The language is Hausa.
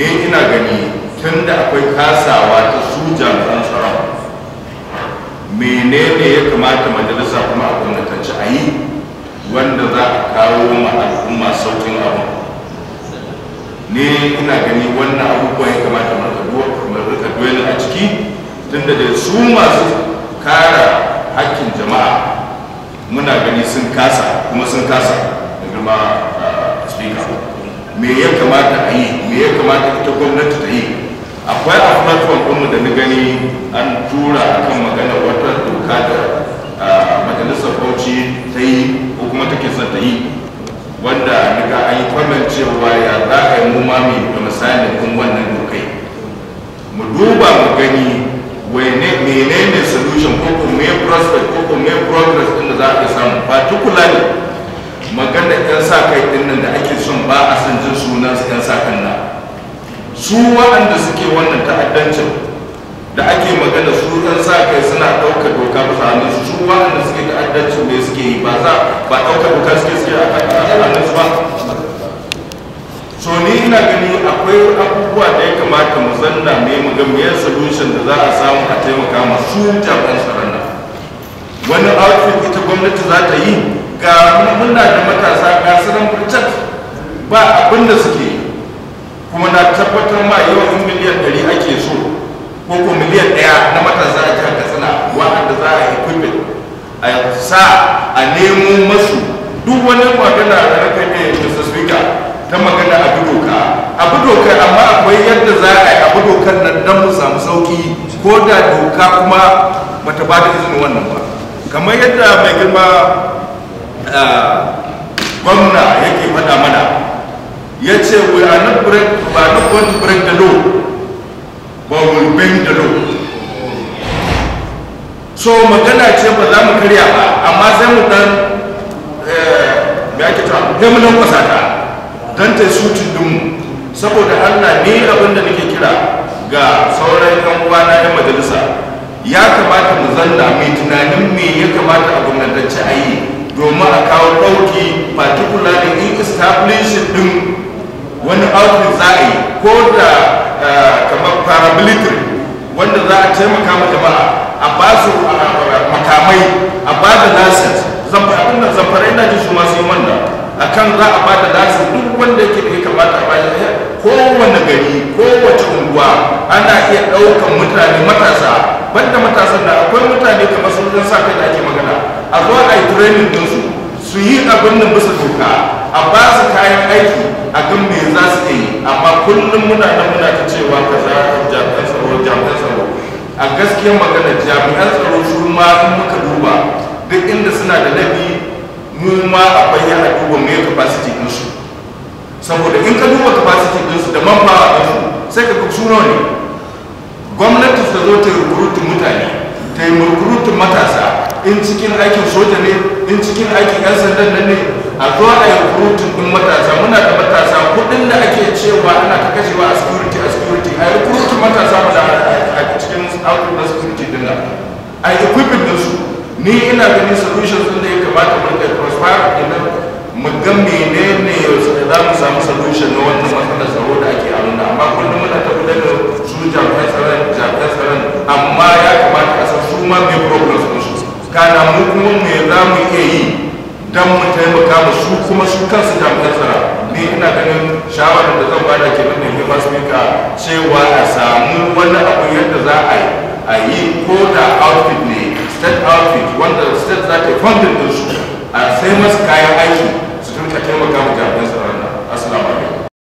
ne ina gani tun da akwai kasawa ta su jami'an tsaron menene ya kamata majalisa kuma a gwamnatance a yi wanda za a kawo ma al'umma saukin abu ne ina gani wannan abubuwa ya kamata marika duwelin a ciki tun da su masu kara hakkin jama'a muna gani sun kasa kuma sun kasa da girma ah, speaker me ya kamata a yi me ya kamata ita gwamnati ta yi akwai a platform ɗinmu da na gani an tura akan magana wata doka da majalisar bauchi ta yi ko kuma take son ta yi wanda daga an yi kwallon cewa ya za a yi mai da misalin kun wannan dokai mu duba mu gani menene solution ko kuma me prospect ko kuma progress din da za a samu particularly magana yan sa kai din nan da ake son ba a san jin sunan su yan sa kan nan su waɗanda suke wannan ta'addancin da ake magana su yan sa kai suna ɗauka doka ba hannun su su waɗanda suke ta'addancin da suke yi ba za ba ɗauka doka suke suke a hannun su ba so ni ina gani akwai abubuwa da ya kamata mu zanna ne mu ga solution da za a samu a taimaka masu jami'an tsaron nan wani outfit ita gwamnati za ta yi ga muna da matasa ga sunan burcet ba abin da suke kuma na tabbatar ma yi in miliyan ɗari ake so ko ko miliyan ɗaya na matasa a haka suna wa'anda za a yi kwibin a sa a nemo masu duk wani magana da na kai ne mr speaker ta magana a bi doka a bi doka amma akwai yadda za a yi a bi dokar nan don mu samu sauki ko da doka kuma bata ba da izinin wannan ba kamar yadda mai girma gwamna yake faɗa mana ya ce we are not break we not going to break the law but so magana ce ba za mu karya ba amma sai mu dan ya ke ta, mu dan ta dan ta sutin saboda Allah ne abin da nake kira ga sauran yan uwana na majalisa ya kamata mu zanna mai tunanin me ya kamata a gwamnatance makamai a ba da license zafarai na zafarai na jin su masu yi wanda a kan za a ba da license duk wanda yake da ya kamata a bayan ya kowane gari kowace unguwa ana iya ɗaukan mutane matasa banda matasa da akwai mutane kamar sun sa kai da ake magana a zo a yi training ɗinsu su yi abin nan bisa doka a ba su kayan aiki a kan me za su yi amma kullum muna nan muna ta cewa kaza jami'an tsaro jami'an tsaro a gaskiyar magana jami'an tsaro su ma sun muka duba duk inda suna da laifi mu ma akwai yana duba mai capacity ɗinsu saboda in ka duba capacity ɗinsu da man fawa ɗinsu sai ka su nawa ne gwamnati ta zo ta rukurutun mutane ta yi rukurutun matasa in cikin aikin soja ne in cikin aikin 'yan sandan nan ne a zo a yi rukurutun ɗin din nan a equipment da su ni ina ganin solutions din da ya kamata mu ga prosper din mu ga menene za mu samu solution na wannan matsalar tsaro da ake a nuna amma kullum muna ta gudanar da su jami'an tsaron jami'an tsaron amma ya kamata a san su ma me problem solutions su kana mu kuma me za mu iya yi dan mu taimaka mu su kuma su kansu jami'an tsaron ni ina ganin shawarar da zan bada kenan ne ke masu cewa a samu wani abu yadda za a yi a yi ko da outfit ne state outfit wanda state za ta yi fundin su a sai masu kayan aiki su turka taimaka